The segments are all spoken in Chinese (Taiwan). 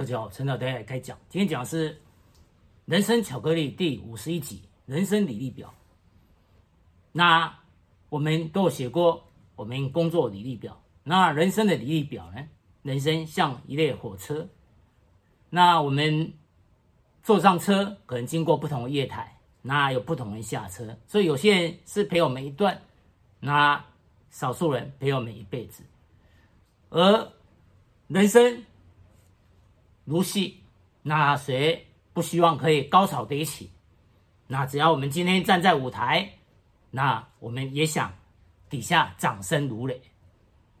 大家好，陳導在開講。今天講的是《人生巧克力》第五十一集《人生履歷表》那。那我們都有寫過我們工作履歷表，那人生的履歷表呢？人生像一列火車，那我們坐上車，可能經過不同的月台，那有不同人下車。所以有些人是陪我們一段，那少數人陪我們一輩子，而人生。如戲，那誰不希望可以高潮迭起？那只要我們今天站在舞台，那我們也想底下掌聲如雷。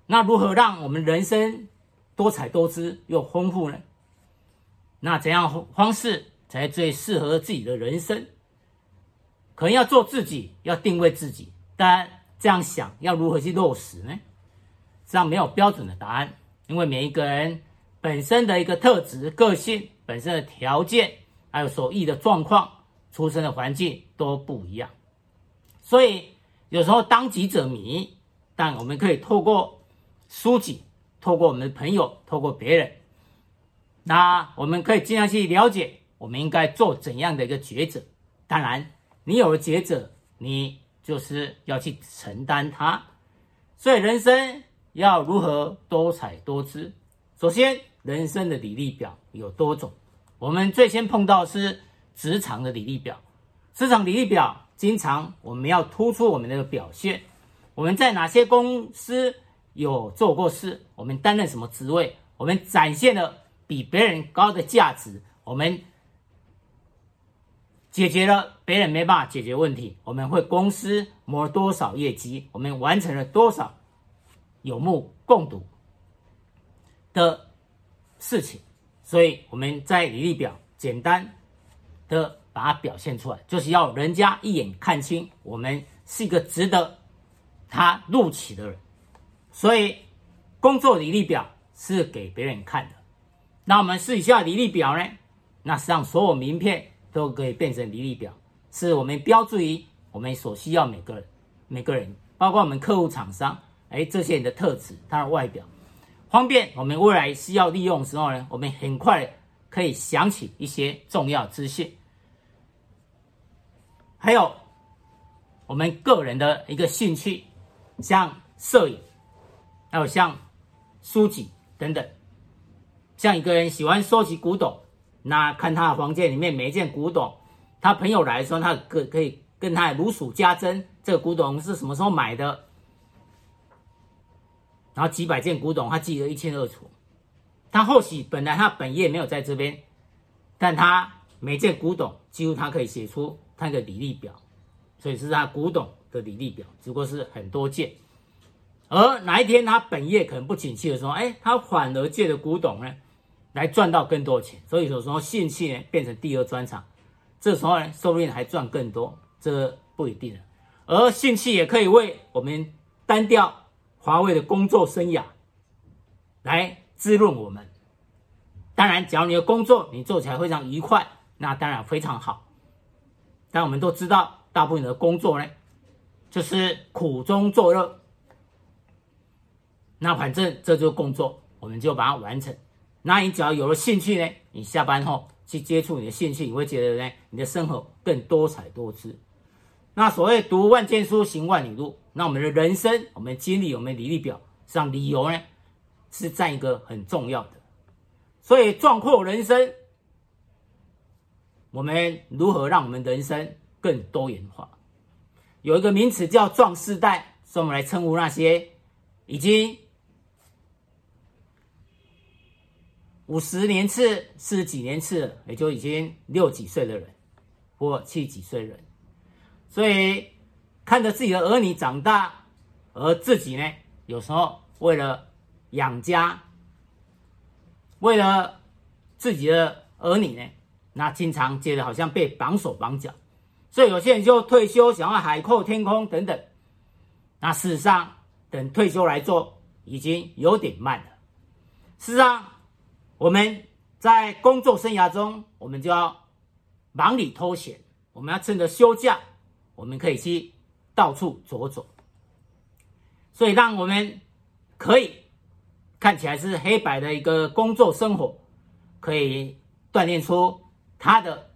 那如何讓我們人生多彩多姿又豐富呢？那怎樣方式才最適合自己的人生？可能要做自己，要定位自己，但這樣想要如何去落實呢？這樣沒有標準的答案，因為每一個人。本身的一個特質、個性、本身的條件，還有所遇的狀況、出生的環境都不一樣，所以有時候當局者迷。但我們可以透過書籍、透過我們的朋友、透過別人，那我們可以儘量去了解，我們應該做怎樣的一個抉擇。當然，你有了抉擇，你就是要去承擔它。所以，人生要如何多彩多姿？首先。人生的履歷表有多種，我們最先碰到是職場的履歷表。職場履歷表，經常我們要突出我們的表現。我們在哪些公司有做過事？我們擔任什麼職位？我們展現了比別人高的價值？我們解決了別人沒辦法解決問題？我們為公司謀多少業績？我們完成了多少？有目共睹的事情，所以我們在履歷表簡單的把它表現出來，就是要人家一眼看清我們是一個值得他錄取的人。所以工作履歷表是給別人看的。那我們試一下履歷表呢？那實際上所有名片都可以變成履歷表，是我們標注於我們所需要每個人、每個人，包括我們客戶、廠商，哎，這些人的特質、他的外表。方便我們未來需要利用的時候呢，我們很快可以想起一些重要資訊。還有我們個人的一個興趣，像攝影，還有像書畫等等。像一個人喜歡收集古董，那看他的房間裡面每一件古董，他朋友來的時候，他可可以跟他如數家珍，這個古董是什麼時候買的？然後幾百件古董，他記得一清二楚。他後期本來他本業沒有在這邊，但他每件古董，幾乎他可以寫出他的履歷表，所以是他古董的履歷表，只不過是很多件。而哪一天他本業可能不景氣的時候，哎，他反而借著古董呢，來賺到更多的錢。所以說說興趣呢變成第二專長，這時候呢說不定還賺更多，這個、不一定了。而興趣也可以為我們單調。華為的工作生涯來滋潤我們。當然，只要你的工作你做起來非常愉快，那當然非常好。但我們都知道，大部分的工作呢，就是苦中作樂。那反正這就是工作，我們就把它完成。那你只要有了興趣呢，你下班後去接觸你的興趣，你會覺得呢，你的生活更多彩多姿。那所謂讀萬卷書，行萬里路。那我們的人生，我們經歷，我們履歷表上理由呢，是佔一個很重要的。所以壯闊人生，我們如何讓我們的人生更多元化？有一個名詞叫“壯世代”，所以我們來稱呼那些已經五十年次、四十幾年次了，也就已經六幾歲的人或七幾歲的人，所以。看着自己的兒女長大，而自己呢，有時候為了養家，為了自己的兒女呢，那經常覺得好像被綁手綁腳，所以有些人就退休，想要海闊天空等等。那事實上，等退休來做已經有點慢了。事實上，我們在工作生涯中，我們就要忙裡偷閒，我們要趁着休假，我們可以去。到處走走，所以讓我們可以看起來是黑白的一個工作生活，可以鍛鍊出他的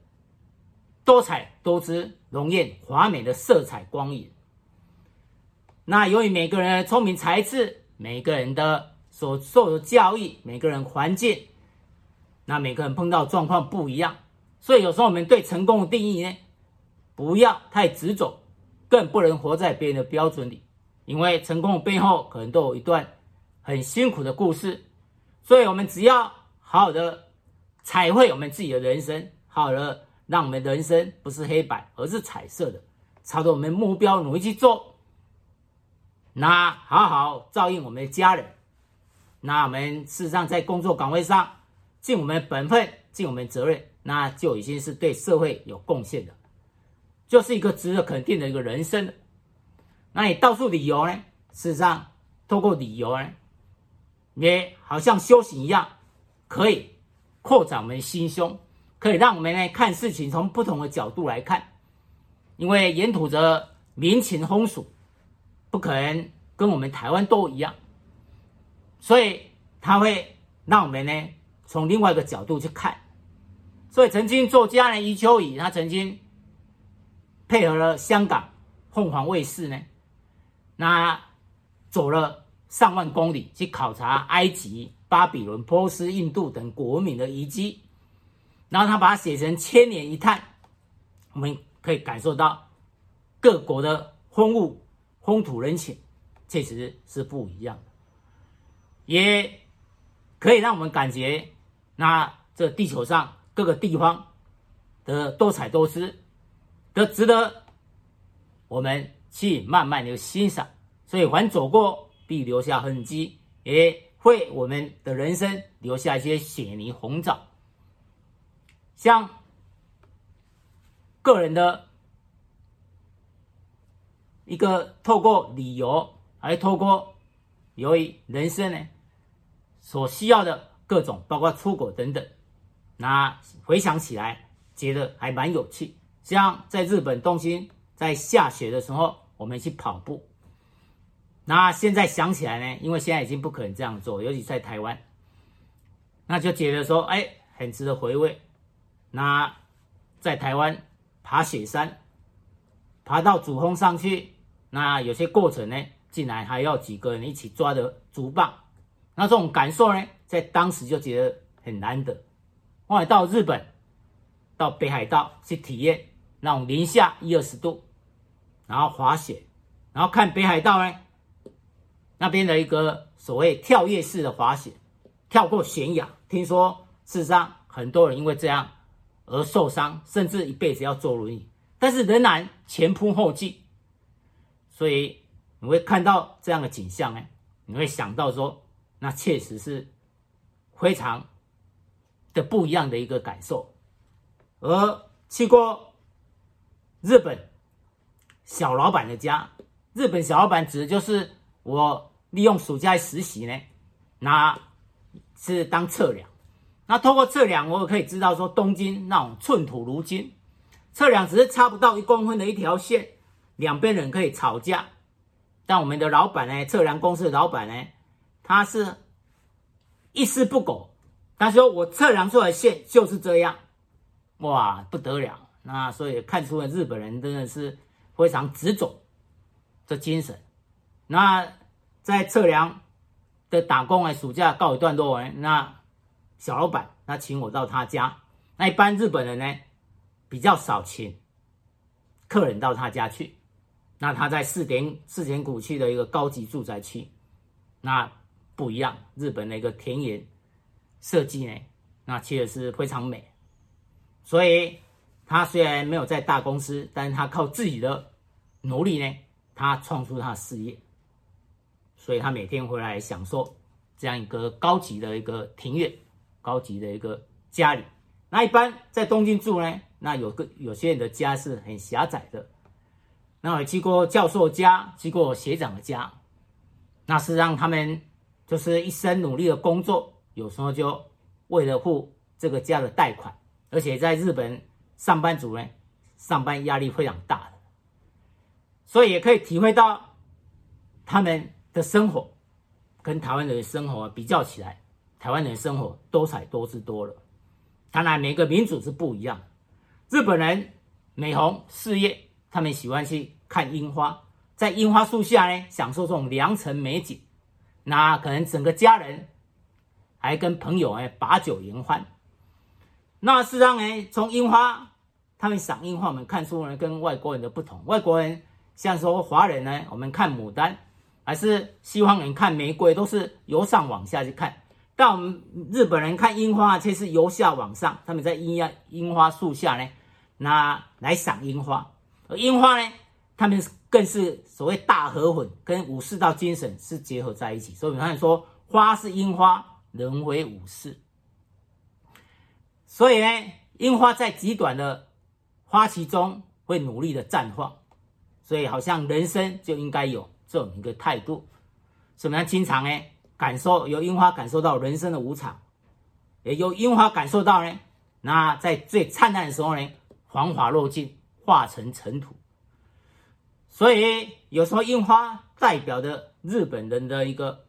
多彩多姿、容艷華美的色彩光影。那由於每個人的聰明才智、每個人的所受的教育、每個人環境，那每個人碰到狀況不一樣，所以有時候我們對成功的定義呢，不要太執着。更不能活在別人的標準裡，因為成功背後可能都有一段很辛苦的故事。所以，我們只要好好的彩繪我們自己的人生，好好的，讓我們人生不是黑白，而是彩色的，朝着我們目標努力去做。那好好照應我們的家人，那我們事實上在工作崗位上盡我們本分，盡我們責任，那就已經是對社會有貢獻的。就是一個值得肯定的一個人生的。那你到處旅遊呢？事實上，透過旅遊呢，你也好像修行一樣，可以擴展我們的心胸，可以讓我們呢看事情從不同的角度來看。因為沿途的民情風俗不可能跟我們台灣都一樣，所以他會讓我們呢從另外一個角度去看。所以，曾經作家呢余秋雨，他曾經。配合了香港鳳凰衛視呢，那走了上萬公里去考察埃及、巴比倫、波斯、印度等國民的遺跡，然後他把它寫成《千年一嘆》，我們可以感受到各國的風物、風土人情確實是不一樣，也可以讓我們感覺，那這地球上各個地方的多彩多姿。都值得我們去慢慢的欣賞。所以，凡走過，必留下痕跡，也會我們的人生留下一些雪泥鴻爪。像個人的，一個透過旅遊，還透過由於人生呢所需要的各種，包括出國等等，那回想起來，覺得還蠻有趣。像在日本東京，在下雪的時候，我們去跑步。那現在想起來呢，因為現在已經不可能這樣做，尤其在台灣，那就覺得說，哎、欸，很值得回味。那在台灣爬雪山，爬到主峰上去，那有些過程呢，竟然還要幾個人一起抓着竹棒。那這種感受呢，在當時就覺得很難得。後來到日本，到北海道去體驗。那種零下一二十度，然後滑雪，然後看北海道呢，那邊的一個所謂跳躍式的滑雪，跳過懸崖，聽說事實上很多人因為這樣而受傷，甚至一輩子要坐輪椅，但是仍然前仆後繼，所以你會看到這樣的景象呢，你會想到說，那確實是非常的不一樣的一個感受，而去過。日本小老闆的家，日本小老闆指的就是我利用暑假來實習呢，那是當測量，那通過測量，我可以知道說東京那種寸土如金，測量只是差不到一公分的一條線，兩邊人可以吵架，但我們的老闆呢，測量公司的老闆呢，他是一絲不苟，他說我測量出來的線就是這樣，哇，不得了。那所以看出了日本人真的是非常執着的精神。那在測量的打工啊，暑假告一段落哎，那小老板那請我到他家。那一般日本人呢比較少請客人到他家去。那他在世田世田谷區的一個高級住宅區，那不一樣，日本的一個田園設計呢，那確實是非常美。所以。他雖然沒有在大公司，但是他靠自己的努力呢，他創出他的事業，所以他每天回來享受這樣一個高級的一個庭院，高級的一個家裡。那一般在東京住呢，那有個有些人的家是很狹窄的。那我去過教授家，去過學長的家，那是讓他們就是一生努力的工作，有時候就為了付這個家的貸款，而且在日本。上班族呢，上班壓力非常大的，所以也可以體會到他們的生活跟台灣人的生活比較起來，台灣人生活多采多姿多了。當然每個民族是不一樣，日本人美紅事業，他們喜歡去看櫻花，在櫻花樹下呢，享受這種良辰美景，那可能整個家人還跟朋友哎把酒言歡，那是讓人從櫻花。他們賞櫻花，我們看出呢，跟外國人的不同。外國人像說華人呢，我們看牡丹，還是西方人看玫瑰，都是由上往下去看。但我們日本人看櫻花，卻是由下往上。他們在櫻櫻花樹下呢，拿來賞櫻花。而櫻花呢，他們更是所謂大和魂跟武士道精神是結合在一起。所以，我們說花是櫻花，人為武士。所以呢，櫻花在極短的。花其中會努力的綻放，所以好像人生就應該有這種一個態度。什麼樣？經常呢，感受由櫻花感受到人生的無常，也有櫻花感受到呢。那在最燦爛的時候呢，繁華落盡，化成塵土。所以有時候櫻花代表着日本人的一個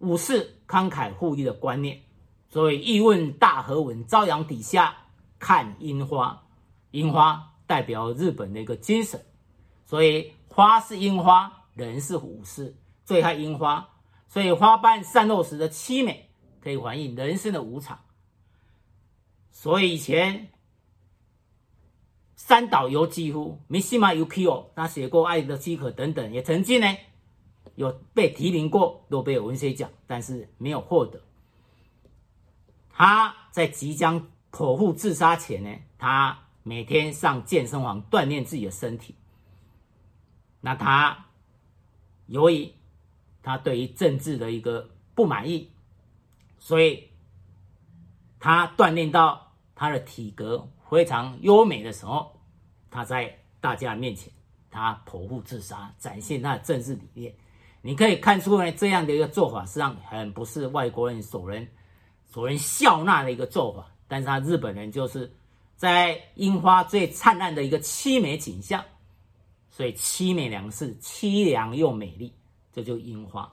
武士慷慨赴義的觀念。所謂“欲問大和文，朝陽底下”。看櫻花，櫻花代表日本的一個精神，所以花是櫻花，人是武士，最愛櫻花，所以花瓣散落時的淒美，可以反映人生的無常。所以以前三島由紀夫、Mishima Yukio 他寫過《愛的飢渴》等等，也曾經呢有被提名過諾貝爾文學獎，但是沒有獲得。他在即將剖腹自殺前呢，他每天上健身房鍛鍊自己的身體。那他由於他對於政治的一個不滿意，所以他鍛鍊到他的體格非常優美的時候，他在大家面前他剖腹自殺，展現他的政治理念。你可以看出呢，這樣的一個做法實際上很不是外國人所能所能笑納的一個做法。但是他日本人就是在櫻花最燦爛的一個淒美景象，所以淒美良是淒涼又美麗，這就櫻花。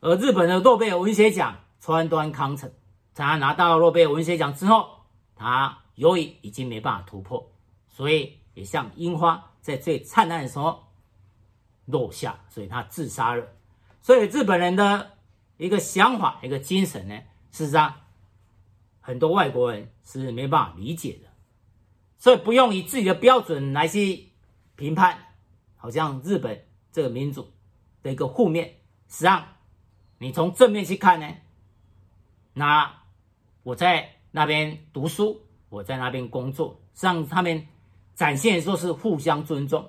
而日本的諾貝爾文學獎川端康成，在他拿到諾貝爾文學獎之後，他由於已經沒辦法突破，所以也像櫻花在最燦爛的時候落下，所以他自殺了。所以日本人的一個想法、一個精神呢，事實上。很多外國人是沒辦法理解的，所以不用以自己的標準來去評判。好像日本這個民族的一個負面，實際上你從正面去看呢，那我在那邊讀書，我在那邊工作，讓他們展現說是互相尊重，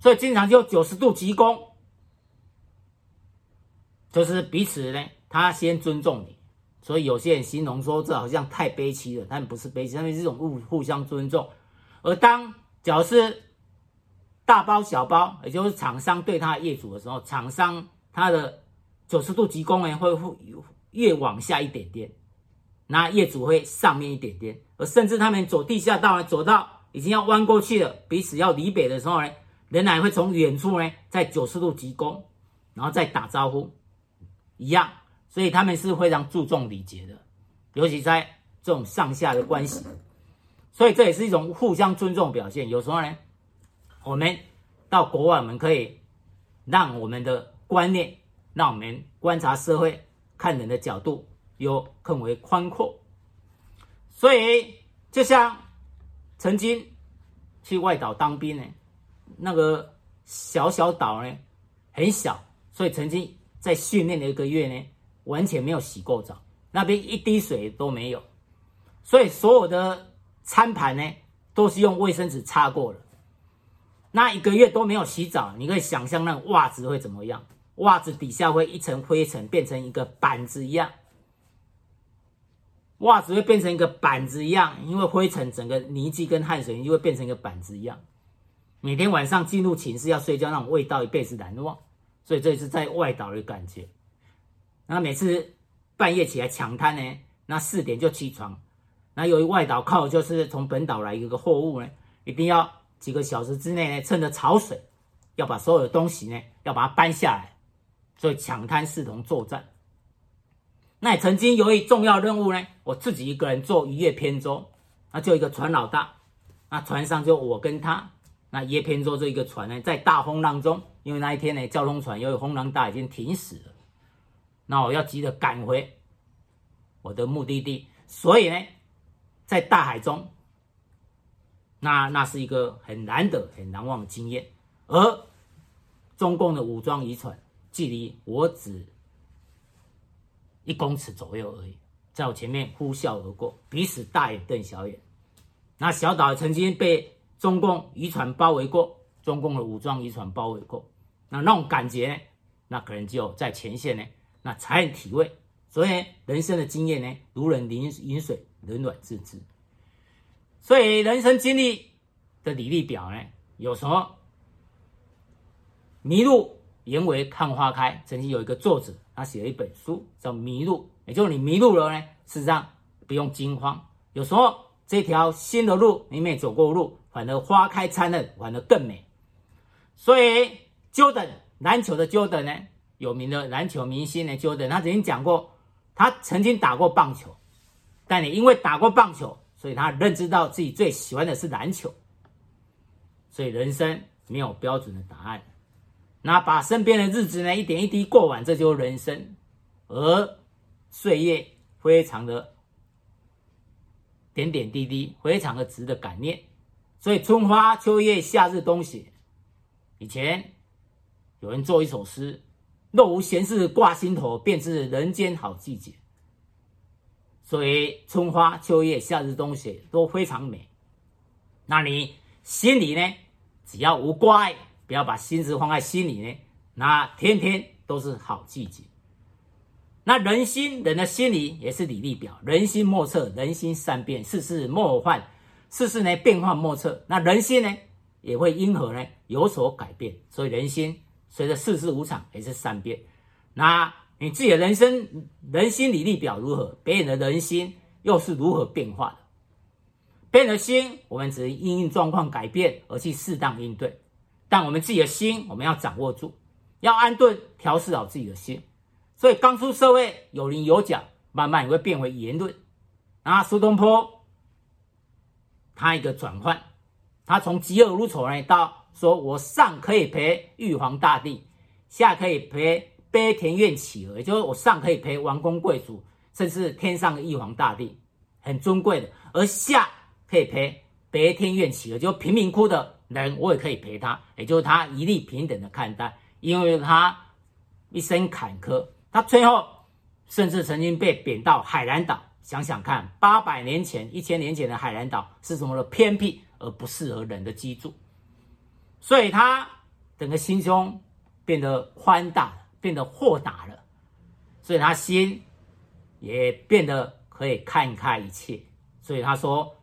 所以經常就九十度鞠躬，就是彼此呢，他先尊重你。所以有些人形容說，這好像太悲戚了，但不是悲戚，他們是種互互相尊重。而當，假如是大包小包，也就是廠商對他的業主的時候，廠商他的九十度鞠躬呢，會越往下一點點，那業主會上面一點點。而甚至他們走地下道呢，走到已經要彎過去了，彼此要離別的時候呢，仍然會從遠處呢，在九十度鞠躬，然後再打招呼，一樣。所以他們是非常注重禮節的，尤其在這種上下的關係，所以這也是一種互相尊重表現。有時候呢，我們到國外，我們可以讓我們的觀念、讓我們觀察社會、看人的角度有更為寬闊。所以，就像曾經去外島當兵呢，那個小小島呢很小，所以曾經在訓練的一個月呢。完全沒有洗過澡，那邊一滴水都沒有，所以所有的餐盤呢都是用衛生紙擦過了。那一個月都沒有洗澡，你可以想象那個襪子會怎麼樣？襪子底下會一層灰塵，變成一個板子一樣，襪子會變成一個板子一樣，因為灰塵、整個泥跡跟汗水你就會變成一個板子一樣。每天晚上進入寢室要睡覺，那種味道一輩子難忘。所以這也是在外島的感覺。那每次半夜起來搶灘呢，那四點就起床。那由於外島靠就是從本島來一個貨物呢，一定要幾個小時之內呢，趁着潮水要把所有的東西呢，要把它搬下來。所以搶灘視同作戰。那也曾經由於重要任務呢，我自己一個人坐一葉扁舟，那就一個船老大，那船上就我跟他，那葉扁舟這一個船呢，在大風浪中，因為那一天呢，交通船由於風浪大已經停駛了。那我要急着趕回我的目的地，所以呢，在大海中，那那是一個很難得、很難忘的經驗。而中共的武裝漁船距離我只一公尺左右而已，在我前面呼嘯而過，彼此大眼瞪小眼。那小島曾經被中共漁船包圍過，中共的武裝漁船包圍過，那那種感覺呢？那可能就在前線呢。那才能體味，所以人生的經驗呢，如人飲飲水，冷暖自知。所以人生經歷的履歷表呢，有時候，迷路，原為看花開。曾經有一個作者，他寫了一本書叫《迷路》，也就是你迷路了呢，事實上不用驚慌。有時候這條新的路你沒走過路，反而花開燦爛，反而更美。所以，強森，籃球的強森呢？有名的籃球明星呢，喬丹，他曾經講過，他曾經打過棒球，但也因為打過棒球，所以他認知到自己最喜歡的是籃球，所以人生沒有標準的答案，那把身邊的日子呢，一點一滴過完，這就是人生，而歲月非常的點點滴滴，非常的值得感念，所以春花秋月夏日冬雪，以前有人做一首詩。若無閒事掛心頭，便是人間好季節。所以春花秋月、夏日冬雪都非常美。那你心裡呢？只要無掛礙，不要把心思放在心裡呢，那天天都是好季節。那人心，人的心理也是履歷表。人心莫測，人心善變，世事變幻，世事呢變化莫測。那人心呢，也會因何呢有所改變？所以人心。隨着世事無常也是善變，那你自己的人生人心履歷表如何？別人的人心又是如何變化的？別人的心，我們只能因應狀況改變而去適當應對；但我們自己的心，我們要掌握住，要安頓、調適好自己的心。所以剛出社會有稜有角，慢慢也會變為圓潤。啊，蘇東坡他一個轉換，他從嫉惡如仇來到。說我上可以陪玉皇大帝，下可以陪卑田院乞兒。也就是我上可以陪王公貴族，甚至天上的玉皇大帝，很尊貴的；而下可以陪卑田院乞兒，就是貧民窟的人，我也可以陪他，也就是他一律平等的看待。因為他一生坎坷，他最後甚至曾經被貶到海南島。想想看，八百年前，一千年前的海南島是什麼的偏僻而不適合人的居住？所以他整個心胸變得寬大了，變得豁達了，所以他心也變得可以看開一切。所以他說：“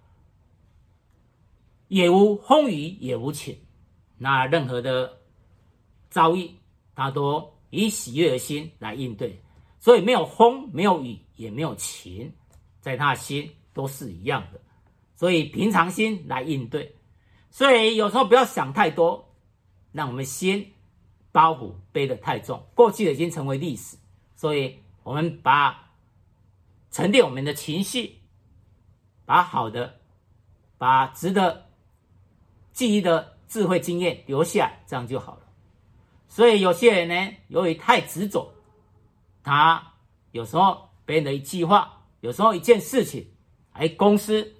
也無風雨也無晴。”那任何的遭遇，他都以喜悅的心來應對。所以沒有風，沒有雨，也沒有晴，在他心都是一樣的。所以平常心來應對。所以有時候不要想太多，讓我們先包袱背得太重，過去的已經成為歷史。所以，我們把沉澱我們的情緒，把好的，把值得記憶的智慧經驗留下，這樣就好了。所以，有些人呢，由於太執着，他有時候別人的一句話，有時候一件事情，哎，公司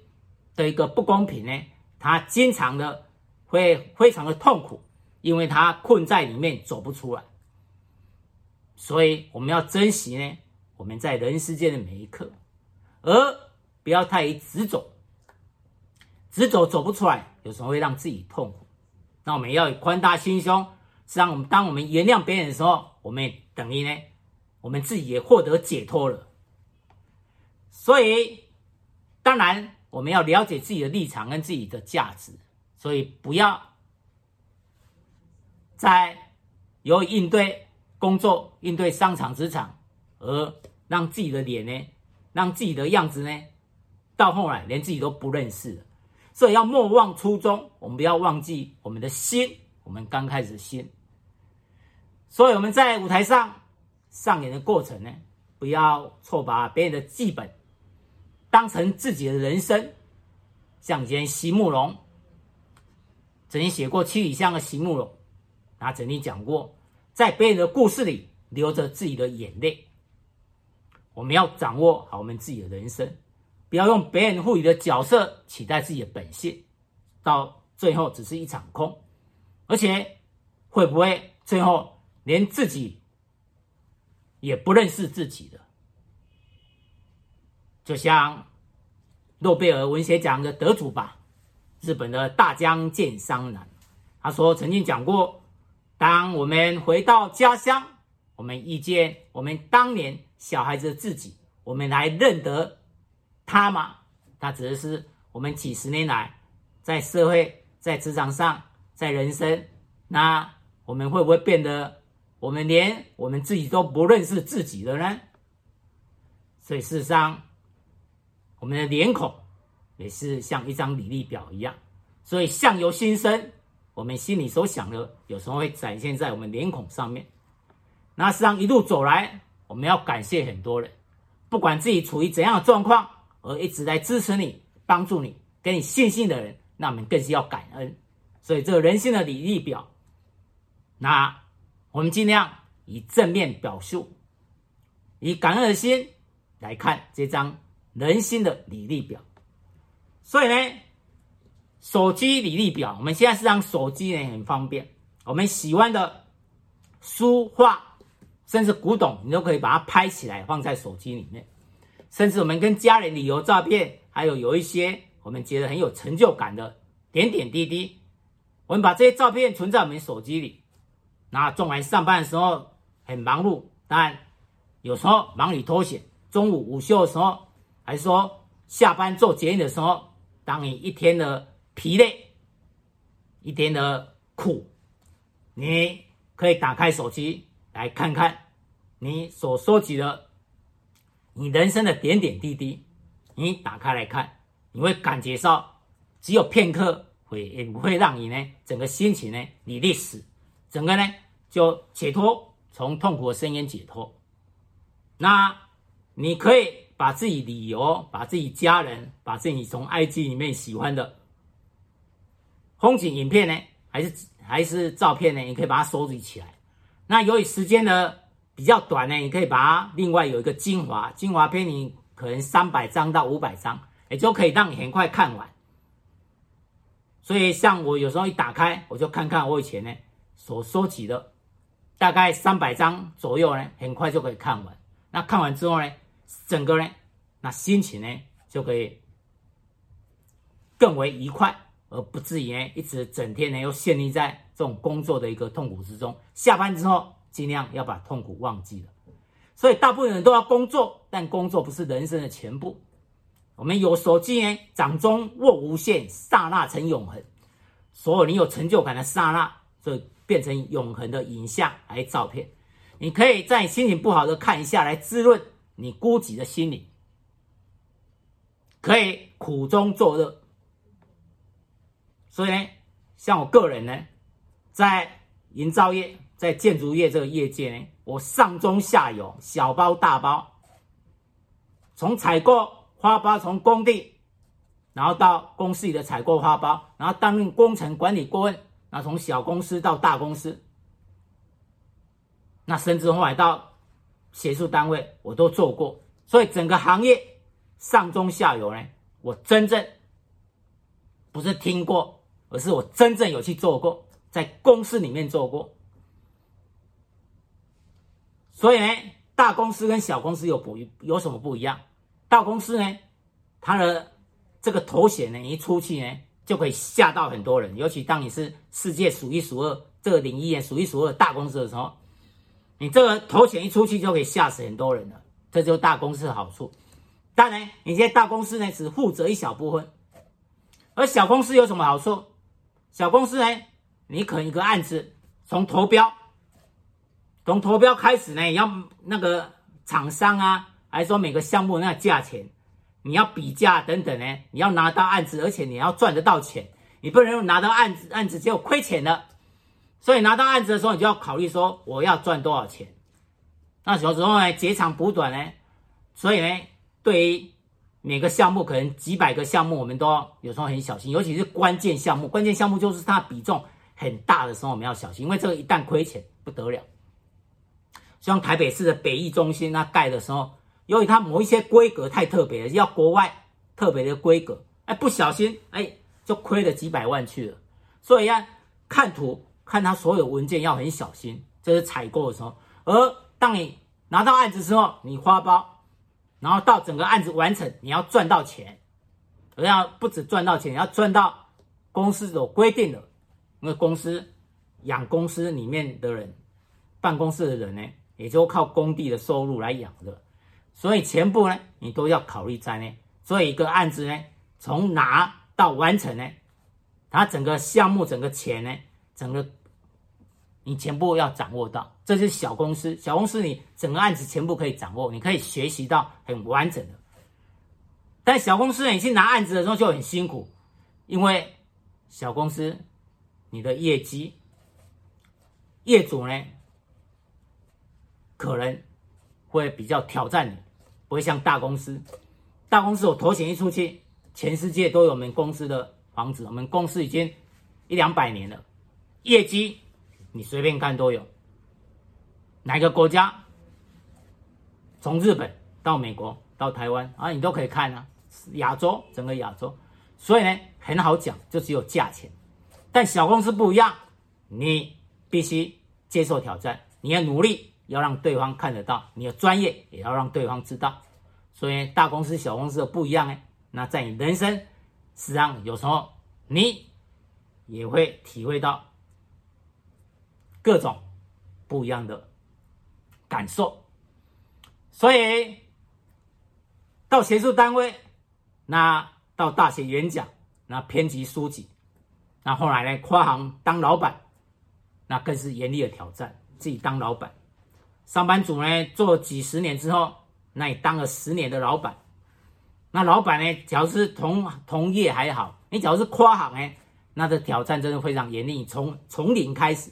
的一個不公平呢。他經常的會非常的痛苦，因為他困在裡面走不出來。所以我們要珍惜呢，我們在人世間的每一刻，而不要太執著，執著走不出來，有時候會讓自己痛苦。那我們要寬大心胸，是讓我們當我們原諒別人的時候，我們也等於呢，我們自己也獲得解脫了。所以，當然。我們要了解自己的立場跟自己的價值，所以不要再由應對工作、應對商場、職場，而讓自己的臉呢，讓自己的樣子呢，到後來連自己都不認識了。所以要莫忘初衷，我們不要忘記我們的心，我們剛開始的心。所以我們在舞台上上演的過程呢，不要錯把別人的劇本。當成自己的人生，像今天席慕容曾經寫過《七里香》的席慕容，她曾經講過，在別人的故事裡流着自己的眼淚。我們要掌握好我們自己的人生，不要用別人賦予的角色取代自己的本性，到最後只是一場空，而且會不會最後連自己也不認識自己了？就像諾貝爾文學獎的得主吧，日本的大江健三郎，他說曾經講過：當我們回到家鄉，我們遇見我們當年小孩子的自己，我們還認得他嗎？他指的是我們幾十年來在社會、在職場上、在人生，那我們會不會變得我們連我們自己都不認識自己的呢？所以事實上。我們的臉孔也是像一張履歷表一樣，所以相由心生，我們心裡所想的，有時候會展現在我們臉孔上面。那實際上一路走來，我們要感謝很多人，不管自己處於怎樣的狀況，而一直在支持你、幫助你、給你信心的人，那我們更是要感恩。所以這個人性的履歷表，那我們儘量以正面表述，以感恩的心來看這張。人心的履歷表，所以呢，手機履歷表。我們現在是讓手機也很方便，我們喜歡的書畫，甚至古董，你都可以把它拍起來放在手機裡面。甚至我們跟家人旅遊照片，還有有一些我們覺得很有成就感的點點滴滴，我們把這些照片存在我們手機裡。那中午上班的時候很忙碌，當然有時候忙裡偷閒，中午午休的時候。還是說下班做捷運的時候，當你一天的疲累，一天的苦，你可以打開手機來看看你所收集的你人生的點點滴滴。你打開來看，你會感覺到只有片刻會，也不會讓你呢整個心情呢你歷史整個呢就解脫，從痛苦的深淵解脫。那你可以。把自己旅遊、把自己家人、把自己從埃及裡面喜歡的風景影片呢，還是還是照片呢？你可以把它收集起來。那由於時間呢比較短呢，你可以把它另外有一個精華精華片，你可能三百張到五百張，也就可以讓你很快看完。所以像我有時候一打開，我就看看我以前呢所收集的大概三百張左右呢，很快就可以看完。那看完之後呢，整個呢，那心情呢就可以更為愉快，而不至於呢一直整天呢又陷溺在這種工作的一個痛苦之中。下班之後，盡量要把痛苦忘記了。所以，大部分人都要工作，但工作不是人生的全部。我們有手機呢，掌中握無限，剎那成永恆。所有你有成就感的剎那，就變成永恆的影像來照片。你可以在心情不好的看一下來滋潤。你孤寂的心理可以苦中作樂。所以，呢，像我個人呢，在營造業、在建築業這個業界呢，我上中下游，小包大包，從採購花包，從工地，然後到公司裡的採購花包，然後擔任工程管理顧問，那從小公司到大公司，那甚至後來到學術單位我都做過，所以整個行業上中下游呢，我真正不是聽過，而是我真正有去做過，在公司裡面做過。所以呢，大公司跟小公司有不有什麼不一樣？大公司呢，它的這個頭銜呢，一出去呢，就可以嚇到很多人，尤其當你是世界數一數二、這個領域數一數二的大公司的時候。你這個頭銜一出去就可以嚇死很多人了，這就是大公司的好處。當然，你現在大公司呢，只負責一小部分，而小公司有什麼好處？小公司呢，你可能一個案子，從投標，從投標開始呢，要那個廠商啊，還是說每個項目的那個價錢，你要比價等等呢，你要拿到案子，而且你要賺得到錢，你不能拿到案子，案子就虧錢了。所以拿到案子的時候，你就要考慮說我要賺多少錢。那小時候呢，截長補短呢。所以呢，對於每個項目，可能幾百個項目，我們都有時候很小心，尤其是關鍵項目。關鍵項目就是它比重很大的時候，我們要小心，因為這個一旦虧錢不得了。像台北市的北藝中心，它蓋的時候，由於它某一些規格太特別，要國外特別的規格，哎，不小心哎、欸，就虧了幾百萬去了。所以啊，看圖。看他所有文件要很小心，這、就是採購的時候。而當你拿到案子之後，你花包，然後到整個案子完成，你要賺到錢，而要不止賺到錢，你要賺到公司有規定的，那個、公司養公司裡面的人，辦公室的人呢，也就靠工地的收入來養的，所以全部呢，你都要考慮在內。所以一個案子呢，從拿到完成呢，它整個項目、整個錢呢，整個。你全部要掌握到，這是小公司。小公司你整個案子全部可以掌握，你可以學習到很完整的。但小公司你去拿案子的時候就很辛苦，因為小公司你的業績，業主呢，可能會比較挑戰你，不會像大公司。大公司我頭銜一出去，全世界都有我們公司的房子，我們公司已經一兩百年了，業績。你隨便看都有，哪個國家？從日本到美國，到台灣啊，你都可以看啊。亞洲，整個亞洲，所以呢，很好講，就只有價錢。但小公司不一樣，你必須接受挑戰，你要努力，要讓對方看得到你的專業，也要讓對方知道。所以大公司、小公司的不一樣呢、欸，那在你人生實際上，時，有時候你也會體會到。各種不一樣的感受，所以到學術單位，那到大學演講，那編輯書籍，那後來呢跨行當老板，那更是嚴厲的挑戰。自己當老板，上班族呢做了幾十年之後，那你當了十年的老板，那老板呢，只要是同同業還好，你只要是跨行呢，那這挑戰真的非常嚴厲，從從零開始。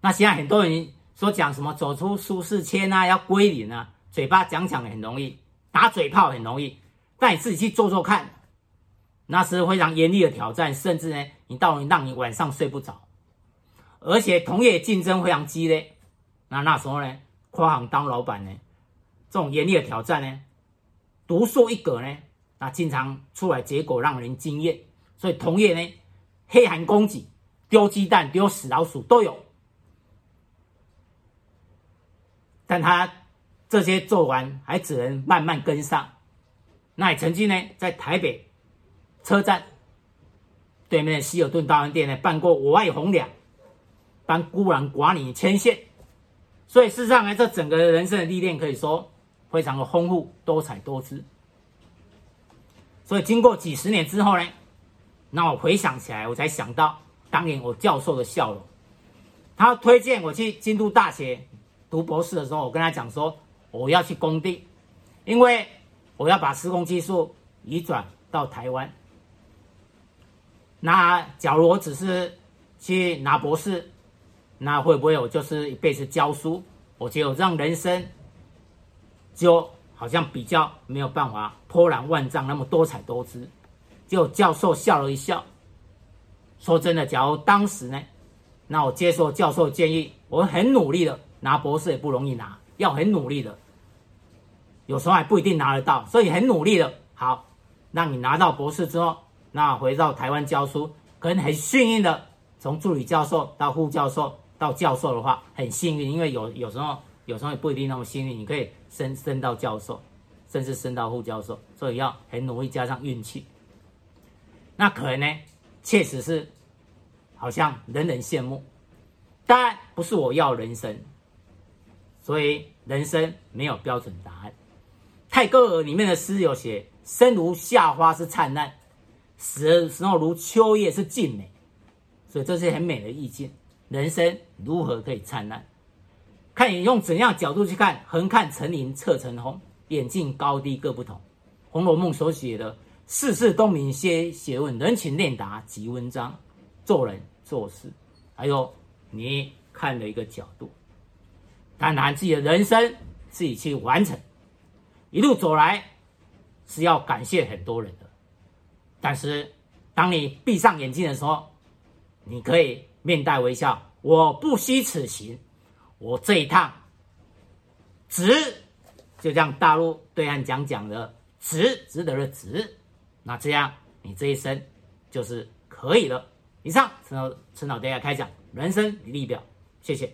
那現在很多人說講什麼走出舒適圈啊，要歸零啊，嘴巴講講很容易，打嘴炮很容易，但你自己去做做看，那是非常嚴厲的挑戰，甚至呢，你到底讓你晚上睡不着，而且同業競爭非常激烈，那那時候呢，跨行當老闆呢，這種嚴厲的挑戰呢，獨樹一格呢，那經常出來結果讓人驚艷，所以同業呢，黑函攻擊，丟雞蛋丟死老鼠都有。但他這些做完還只能慢慢跟上，那也曾經呢，在台北車站對面的希爾頓大飯店呢辦過我愛紅娘，幫孤男寡女牽線，所以事實上呢，這整個人生的歷練可以說非常的豐富多彩多姿。所以經過幾十年之後呢，讓我回想起來，我才想到當年我教授的笑容，他推薦我去京都大學。讀博士的時候，我跟他講說，我要去工地，因為我要把施工技術移轉到台灣。那假如我只是去拿博士，那會不會我就是一輩子教書，我覺得我讓人生就好像比較沒有辦法波瀾萬丈，那麼多彩多姿？就教授笑了一笑，說真的，假如當時呢，那我接受教授的建議，我很努力的。拿博士也不容易拿，要很努力的，有時候還不一定拿得到，所以很努力的。好，那你拿到博士之後，那回到台灣教書，可能很幸運的，從助理教授到副教授到教授的話，很幸運，因為有有時候有時候也不一定那麼幸運，你可以升升到教授，甚至升到副教授，所以要很努力加上運氣。那可能呢，確實是好像人人羨慕，但不是我要人生。所以人生沒有標準答案。泰戈爾裡面的詩有寫：“生如夏花之燦爛，死的時候如秋葉之靜美。”所以這是很美的意境。人生如何可以燦爛？看你用怎樣角度去看。橫看成嶺側成峰，遠近高低各不同。《紅樓夢》所寫的“世事洞明皆學問，人情練達即文章”，做人做事還有你看的一個角度。當然，自己的人生自己去完成。一路走來，是要感謝很多人的。但是，當你閉上眼睛的時候，你可以面帶微笑。我不虛此行，我這一趟值，就像大陸對岸講講的“值”，值得的值。那這樣，你這一生就是可以了。以上，陳老，陳老，大家開講人生履歷表，謝謝。